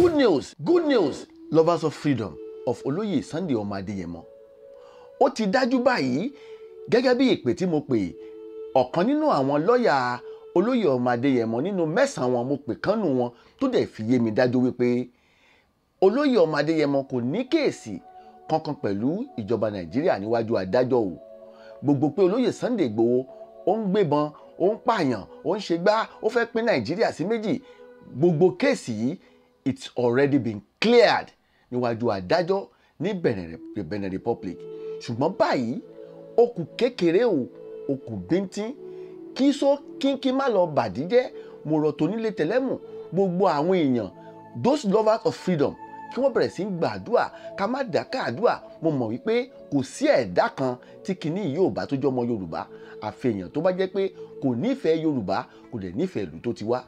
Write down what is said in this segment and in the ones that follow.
good news good news lovers of freedom of olóyè Sunday ọmọ adéyẹmọ ó ti dájú báyìí gẹ́gẹ́ bí ìpè tí mo pè ọ̀kan nínú àwọn lọ́ọ̀yà olóyè ọmọ adéyẹmọ nínú mẹ́sàn-án wọn mo pè kánú wọn tó dẹ̀ fi yé mi dájú wípé olóyè ọmọ adéyẹmọ kò ní kéèsì kankan pẹ̀lú ìjọba nàìjíríà níwájú adájọ́ o gbogbo pé olóyè Sunday Igboho ó ń gbébọn ó ń pààyàn ó ń ṣe gbá ó fẹ́ pín nàìjíríà sí méjì gbogbo kéèsì yìí it's already been cleared níwájú adájọ́ ní Benin Republic ṣùgbọ́n báyìí ó kù kékeré o ó kù bíntín kí sọ kínkín má lọ bàdíjẹ́ mo rọ̀ tó nílé gbogbo àwọn èèyàn those lovers of freedom kí wọ́n bẹ̀rẹ̀ sí í gbàdúrà ká má dákà àdúrà mo mọ̀ wípé kò sí ẹ̀dá kan tí kinní yìí ò bá tó jọmọ Yorùbá àfihàn tó bá jẹ́ pé kò nífẹ̀ẹ́ Yorùbá kò dẹ̀ nífẹ̀ẹ́ ìlú tó ti wá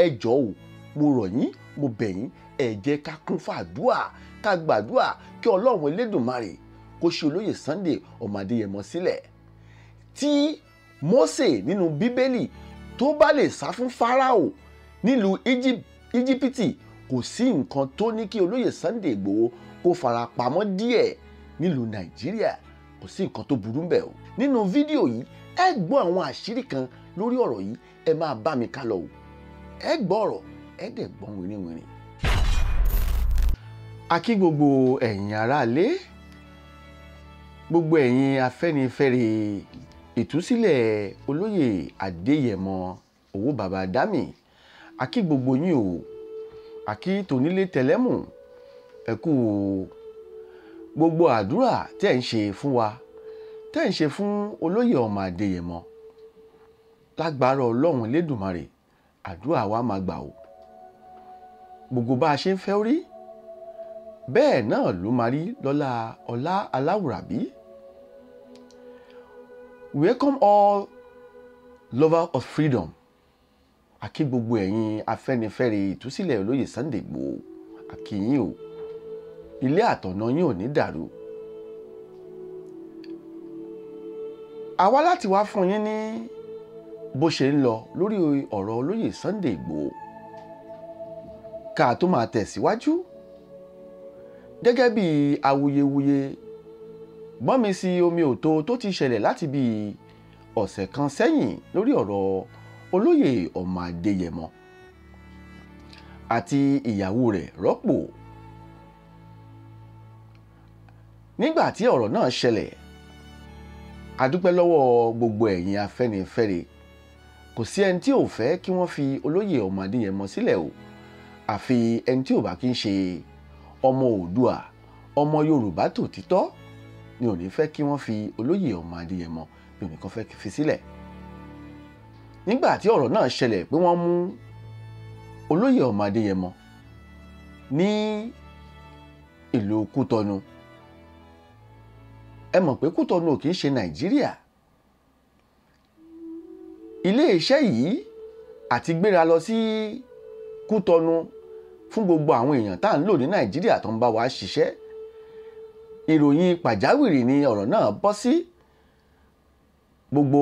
ẹ jọ̀ọ́ o mo rọ̀ yín mo bẹ̀ yín ẹ jẹ́ ká kún fàdúà ká gbàdúà kí ọlọ́run elédùnmarè kó ṣe olóyè Sunday ọmọ Adéyẹmọ sílẹ̀ tí Mósè nínú bíbélì tó bá lè sá fún Fáráò nílùú íjíbítì kò sí nǹkan tó ní kí olóyè Sunday Ìgbòho kó fara pamọ́ díẹ̀ nílùú Nàìjíríà kò sí nǹkan tó burú mbẹ̀ o nínú fídíò yìí ẹ gbọ́ àwọn àṣírí kan lórí ọ̀rọ̀ yìí ẹ máa bá mi ká lọ o ẹ gbọ́ ọ̀rọ̀ ẹ̀ẹ́dẹ̀ gbọ́n wìrìwìrìn. a kí gbogbo ẹ̀yin aráalé gbogbo ẹ̀yin afẹ́nifẹ́re ìtúsílẹ̀ olóyè adéyẹmọ owó baba dami a kí gbogbo yín o a kí tonílé tẹlẹ́mù ẹ kú gbogbo àdúrà tẹ́ ń ṣe fún wa tẹ́ ń ṣe fún olóyè ọmọ adéyẹmọ lágbára ọlọ́run elédùmarè àdúrà wa máa gbà o gbogbo bá a ṣe ń fẹ́ rí bẹ́ẹ̀ náà ló máa rí lọ́lá Ọlá Aláwùrábí. welcome all lovers of freedom àkí gbogbo ẹ̀yin afẹ́nifẹ́re ìtúsílẹ̀ olóyè Sunday Igboho àkí yín o ilé àtọ̀nà yín ò ní dàrú. àwa láti wá fún yín ní bó ṣe ń lọ lórí ọ̀rọ̀ olóyè Sunday Igboho ká tó máa tẹ̀síwájú gẹ́gẹ́ bí awuyewuye gbọ́nmi sí omi òtó tó ti ṣẹlẹ̀ láti bí ọ̀sẹ̀ kan sẹ́yìn lórí ọ̀rọ̀ olóyè ọmọ adéyẹmọ àti ìyàwó rẹ̀ rọ́pò nígbà tí ọ̀rọ̀ náà ṣẹlẹ̀ a dúpẹ́ lọ́wọ́ gbogbo ẹ̀yin afẹ́nifẹ́re kò sí ẹni tí ò fẹ́ kí wọ́n fi olóyè ọmọ adéyẹmọ sílẹ̀ o. Si àfi ẹni tí ò bá kí ń ṣe ọmọ Oòduà ọmọ Yorùbá tòtítọ́ ni ò ní fẹ́ kí wọ́n fi olóyè ọmọ Adéyẹmọ ni ò ní kàn fẹ́ fi sílẹ̀ nígbà tí ọ̀rọ̀ náà ṣẹlẹ̀ pé wọ́n mú olóyè ọmọ Adéyẹmọ ní ìlú Kútọnu ẹ mọ̀ pé Kútọnu ò kì í ṣe Nàìjíríà ilé yìí àti gbéra lọ sí Kútọnu fún gbogbo àwọn èèyàn tá à ń lò ní nàìjíríà tó ń bá wa ṣiṣẹ́ ìròyìn pàjáwìrì ni ọ̀rọ̀ náà bọ́ sí gbogbo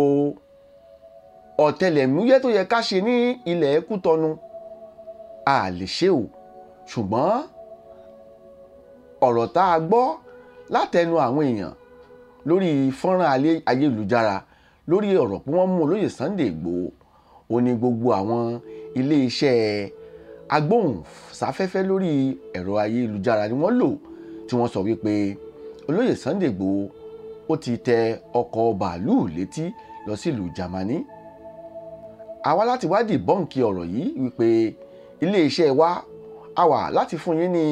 ọ̀tẹlẹ̀múyẹ́ tó yẹ ká ṣe ní ilẹ̀ kútọ́nu a lè ṣe o ṣùgbọ́n ọ̀rọ̀ tá a gbọ́ látẹnu àwọn èèyàn lórí fọ́nrán ayélujára lórí ọ̀rọ̀ pé wọ́n mú olóyè Sunday Igboho ó gbogbo àwọn ilé ẹ̀ agbóhùnsáfẹ́fẹ́ lórí ẹ̀rọ ayélujára ni wọ́n lò tí wọ́n sọ wípé olóyè Sunday Igboho ó ti tẹ ọkọ̀ bàálù létí lọ sílùú Jámánì àwa láti wá dìbọ́ǹkì ọ̀rọ̀ yìí wípé iléeṣẹ́ wa a wà láti fún yín ní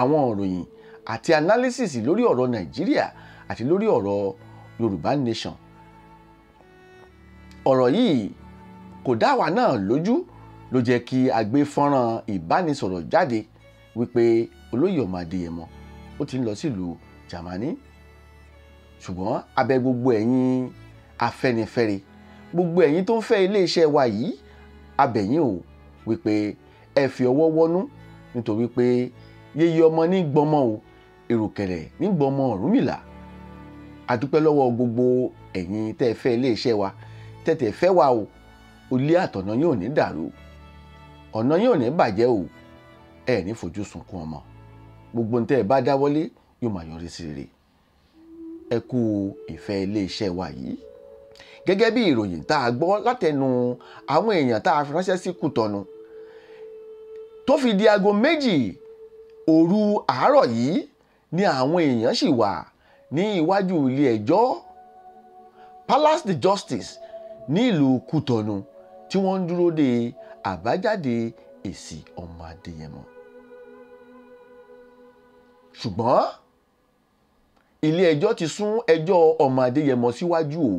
àwọn òròyìn àti analysis lórí ọ̀rọ̀ Nàìjíríà àti lórí ọ̀rọ̀ Yorùbá Nation ọ̀rọ̀ yìí kò dá àwa náà lójú ló jẹ́ kí a gbé fọ́nrán ìbánisọ̀rọ̀ jáde wípé olóyè ọmọ adéyẹmọ ó ti ń lọ sílùú Jámánì ṣùgbọ́n abẹ gbogbo ẹ̀yin afẹ́nifẹ́re gbogbo ẹ̀yin tó ń fẹ́ iléeṣẹ́ wa yìí abẹ̀yìn o wípé ẹ fi ọwọ́ wọnú nítorí pé yeye ọmọ ní gbọmọ o èròkẹ̀rẹ̀ ní gbọmọ Ọ̀rúnmìlà adúpẹ́ lọ́wọ́ gbogbo ẹ̀yin tẹ́ fẹ́ iléeṣẹ́ wa tẹ́tẹ̀ fẹ́ wa o ilé àtọ̀nà yóò ní dàrú ọ̀nà yóò ní bàjẹ́ o ẹ ní fojú sunkún ọmọ gbogbo ntẹ́ ẹ bá dáwọ́lé yóò máa yọrí sí rere ẹ kú ìfẹ́ iléeṣẹ́ wa yìí gẹ́gẹ́ bí ìròyìn tá a gbọ́ látẹnu àwọn èèyàn tá a fi ránṣẹ́ sí Kútọ̀nù tó fi di aago méjì òru àárọ̀ yìí ni àwọn èèyàn sì wà ní iwájú ilé ẹjọ́ Palace the Justice ní ìlú Kútọ̀nù tí wọ́n ń dúró de àbájáde èsì ọmọ Adéyẹmọ ṣùgbọ́n ilé ẹjọ́ ti sún ẹjọ́ ọmọ Adéyẹmọ síwájú o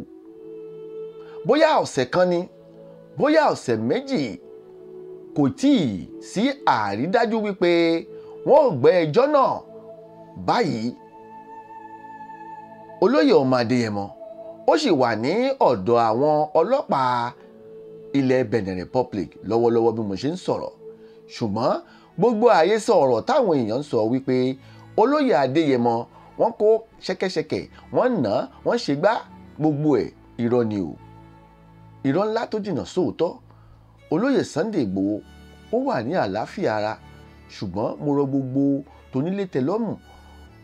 bóyá ọ̀sẹ̀ kan ni bóyá ọ̀sẹ̀ méjì kò tí ì sí àrídájú wípé wọ́n ò gbé ẹjọ́ náà báyìí olóyè ọmọ Adéyẹmọ ó sì wà ní ọ̀dọ̀ àwọn ọlọ́pàá ilẹ̀ Benin Republic lọ́wọ́lọ́wọ́ bí mo ṣe ń sọ̀rọ̀ ṣùgbọ́n gbogbo ààyè sọ ọ̀rọ̀ táwọn èèyàn ń sọ wípé olóyè Adéyẹmọ wọ́n kó ṣẹ̀kẹ̀ṣẹ̀kẹ̀ wọ́n nà án wọ́n ṣe gbá gbogbo ẹ̀ irọ́ ni o irọ́ ńlá tó jìnnà sóòótọ́ olóyè Sunday Igboho ó wà ní àlàáfíà ara ṣùgbọ́n mo rọ gbogbo tónílé tẹ́lọ́rùn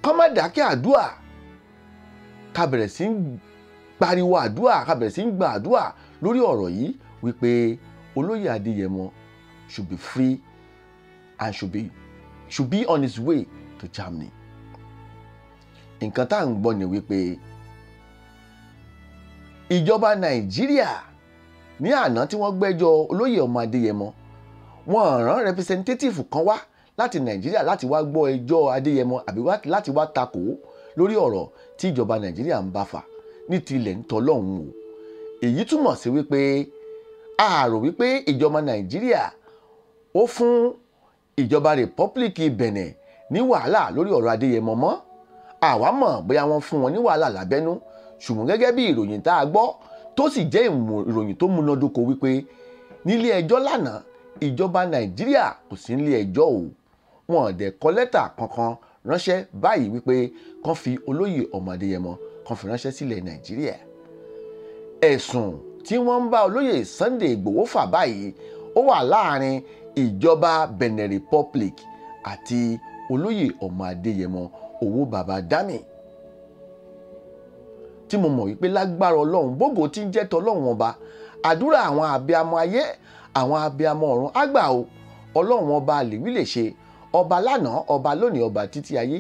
ká má dákẹ́ àdúà ká bẹ̀rẹ̀ sí ń pariwo àdúà ká bẹ̀rẹ̀ sí ń gba àdúà lórí ọ̀rọ̀ yìí wípé olóyè adéyẹmọ should be free and should be should be on his way to Germany nǹkan tá à ń gbọ́ ni wípé ìjọba nàìjíríà ní àná tí wọ́n gbẹ́jọ́ olóyè ọmọ adéyẹmọ wọ́n rán representative kan wá láti nàìjíríà láti wá gbọ́ ẹjọ́ adéyẹmọ àbí láti wá takò lórí ọ̀rọ̀ tí ìjọba nàìjíríà ń bá fà ní tilẹ̀ ń tọ́ lọ́hùn-ún èyí túmọ̀ sí wípé àrò wípé ìjọba nàìjíríà ó fún ìjọba rìpọ́blìkì benin ní wàhálà lórí ọ̀rọ̀ adéyẹmọ mọ́ àwa mọ̀ bóyá wọ́n fún wọn ní wàhálà lábẹ́nú ṣùgbọ́n gẹ́gẹ́ bí ìròyìn tá a gbọ́ tó sì jẹ́ ìròyìn tó múnádóko wípé nílé ẹjọ́ lánàá ìjọba nàìjíríà kò sí nílé ẹjọ́ o wọn ò dẹ̀ kọ lẹ́tà kankan ránṣẹ́ báyìí wípé kán fi olóyè ọmọ adéyẹmọ kán fi ránṣẹ́ sílẹ̀ nàìjíríà ẹ̀sùn tí wọ́n ń bá olóyè Sunday Ìgbòho fà báyìí ó wà láàrin ìjọba Benin Republic àti olóyè ọmọ Adéyẹmọ owó baba dami tí mo mọ̀ wípé lágbára ọlọ́run bógo tí ń jẹ́ tọlọ́run ọba àdúrà àwọn abiyamọ ayé àwọn abiyamọ ọ̀run àgbà o ọlọ́run ọba àlèwí lè ṣe ọba lánàá ọba lónìí ọba títí ayé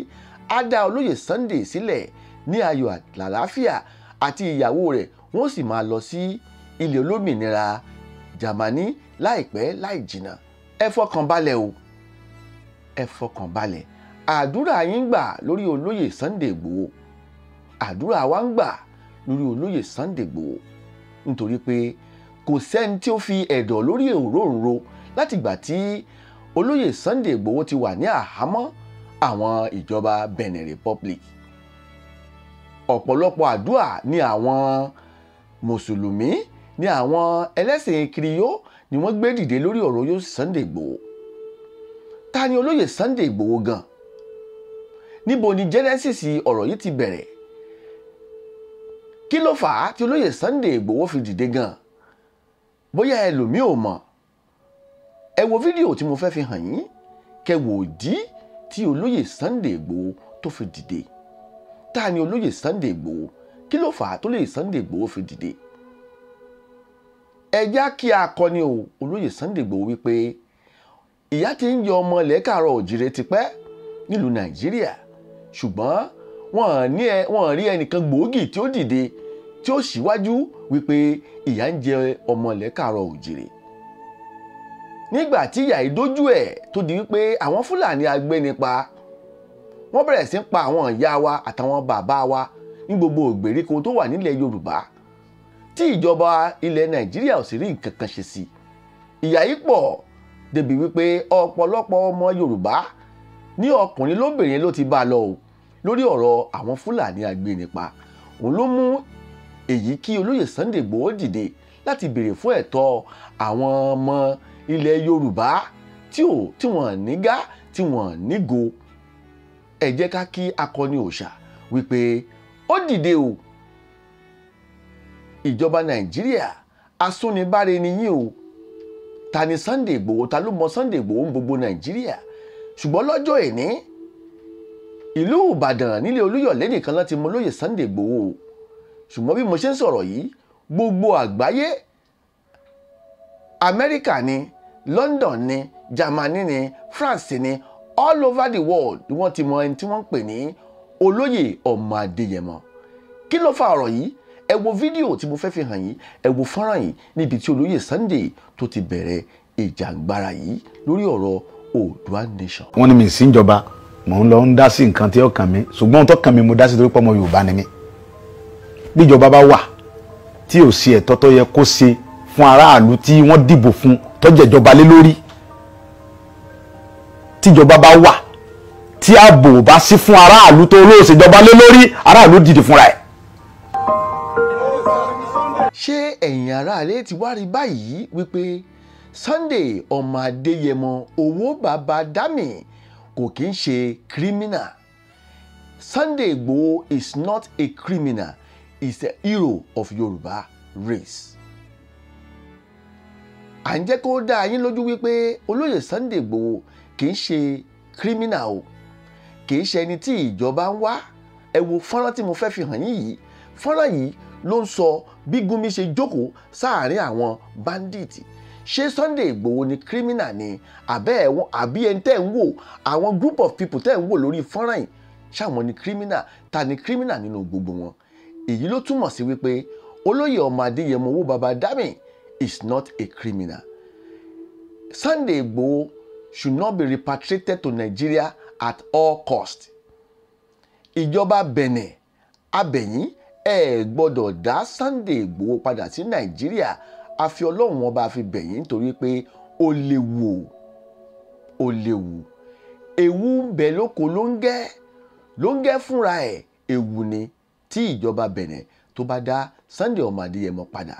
á dá olóyè Sunday sílẹ̀ ní ayọ̀ àlàáfíà àti ìyàwó rẹ̀ wọ́n sì máa lọ sí ilẹ̀ olómìnira jamani láìpẹ́ láì jìnnà ẹ fọkàn balẹ̀ o ẹ fọkàn balẹ̀ àdúrà yín gbà lórí olóyè Sunday Igboho àdúrà wa ń gbà lórí olóyè Sunday Igboho nítorí pé kò sẹ́ni tí ó fi ẹ̀dọ̀ lórí òróǹro látìgbà tí olóyè Sunday Igboho ti wà ní àhámọ́ àwọn ìjọba Benin Republic ọ̀pọ̀lọpọ̀ àdúrà ni àwọn mùsùlùmí ni àwọn ẹlẹ́sìn kiriyó ni wọ́n gbé dìde lórí ọ̀rọ̀ yóò Sunday Igboho ta ni olóyè Sunday Igboho gan níbo ni genesis ọ̀rọ̀ yìí ti bẹ̀rẹ̀ kí ló fà á tí olóyè Sunday Igboho fi dìde gan bóyá ẹlòmíì ò mọ̀ ẹ wo fídíò tí mo fẹ́ fi hàn yín kẹ́ wò dí tí olóyè Sunday Igboho tó fi dìde ta ni olóyè Sunday Igboho kí ló fà á tó lè Sunday Igboho fi dìde ẹ já kí akọni olóyè Sunday Igboho wípé ìyà ti ń jẹ ọmọ ilẹ̀ káàárọ̀ òjìrè tipẹ́ nílùú Nàìjíríà ṣùgbọ́n wọ́n rí ẹnìkan gbòógì tí ó dìde tí ó ṣíwájú wípé ìyà ń jẹ ọmọ ilẹ̀ káàárọ̀ òjìrè nígbà tí ìyà ìdójú ẹ̀ tó di wípé àwọn Fúlàní agbẹ́nipa wọ́n bẹ̀rẹ̀ sí pa àwọn ìyá wa àtàwọn bàbá wa ní gbogbo ìgbèríko tó wà nílẹ̀ Yorùbá tí ìjọba ilẹ̀ nàìjíríà ò sì rí nǹkan kan ṣe sí i ìyà yìí pọ̀ débi wípé ọ̀pọ̀lọpọ̀ ọmọ yorùbá ní ọkùnrin lóbìnrin ló ti bá a lọ o lórí ọ̀rọ̀ àwọn fúlàní agbẹnipa òun ló mú èyí kí olóyè Sunday Igboho dìde láti béèrè fún ẹ̀tọ́ àwọn ọmọ ilẹ̀ yorùbá tí ò tí wọ́n nígá tí wọ́n nígo ẹ jẹ́ ká kí akọni òòṣà wípé ó dìde o. Dìde o ìjọba nàìjíríà asúnibáre ni yín o ta ni Sunday Igboho ta ló mọ Sunday Igboho ń gbogbo nàìjíríà ṣùgbọ́n lọ́jọ́ ìní ìlú ìbàdàn nílé olúyọ̀lé nìkan láti mọ lóye Sunday Igboho ṣùgbọ́n bí mo ṣe ń sọ̀rọ̀ yìí gbogbo àgbáyé amẹ́ríkà ni london ni germany ni france ni all over the world ni wọ́n ti mọ ẹni tí wọ́n ń pè ní olóyè ọmọ adéyẹmọ kí ló fa ọ̀rọ̀ yìí ẹ wo fídíò tí mo fẹ́ fi hàn yín ẹ fọ́nrán yìí níbi tí olóyè Sunday tó ti bẹ̀rẹ̀ ìjàngbara yìí lórí ọ̀rọ̀ Oòduà Nation. wọ́n ní mi síjọba mò ń lọ ń dá sí nǹkan tí ó kàn mí ṣùgbọ́n tó kàn mí mo dá sí torí pé ọmọ Yorùbá ni mí bíjọba bá wà tí ò sí ẹ̀tọ́ tó yẹ kó ṣe fún aráàlú tí wọ́n dìbò fún tọ́jẹ̀jọba lé lórí tíjọba bá wà tí ààbò bá sí fún aráàlú tó olóòṣèjọba lé lórí aráàlú dìde fúnra ẹ̀ ẹ̀yin aráalé ti wá rí báyìí wípé Sunday ọmọ Adéyẹmọ owó bàbá Dami kò kí ń ṣe criminal Sunday Igboho is not a criminal he is a hero of Yorùbá race. à ń jẹ́ kó dá yín lójú wípé olóyè Sunday Igboho kì í ṣe criminal o kì í ṣe ẹni tí ìjọba ń wá ẹ wo fọ́nrán tí mo fẹ́ fi hàn yín yìí fọ́nrán yìí ló ń sọ bí Gumi ṣe jókòó sáàárín àwọn báńdíìtì ṣé Sunday Igboho ni criminal ni àbẹ́ ẹ̀wọ̀n àbí ẹni tẹ́ ń wò àwọn group of people tẹ́ ń wò lórí fọ́nrán yìí ṣáwọn ni kírímìnà ta ni kírímìnà nínú gbogbo wọn èyí ló túmọ̀ sí wípé olóyè ọmọ adéyẹmọ owó baba dami is not a criminal Sunday Igboho should not be repatriated to Nigeria at all cost ìjọba Benin abẹ̀yìn ẹ gbọ́dọ̀ dá Sunday Ìgbòho padà sí Nàìjíríà àfi ọlọ́run ọba àfi bẹ̀yìn nítorí pé ó léwu ó léwu ewu ń bẹ lóko ló ń gẹ́ ló ń gẹ́ fúnra ẹ̀ ewu ni tí ìjọba bẹ̀rẹ̀ tó bá dá Sunday ọmọ Adéyẹmọ padà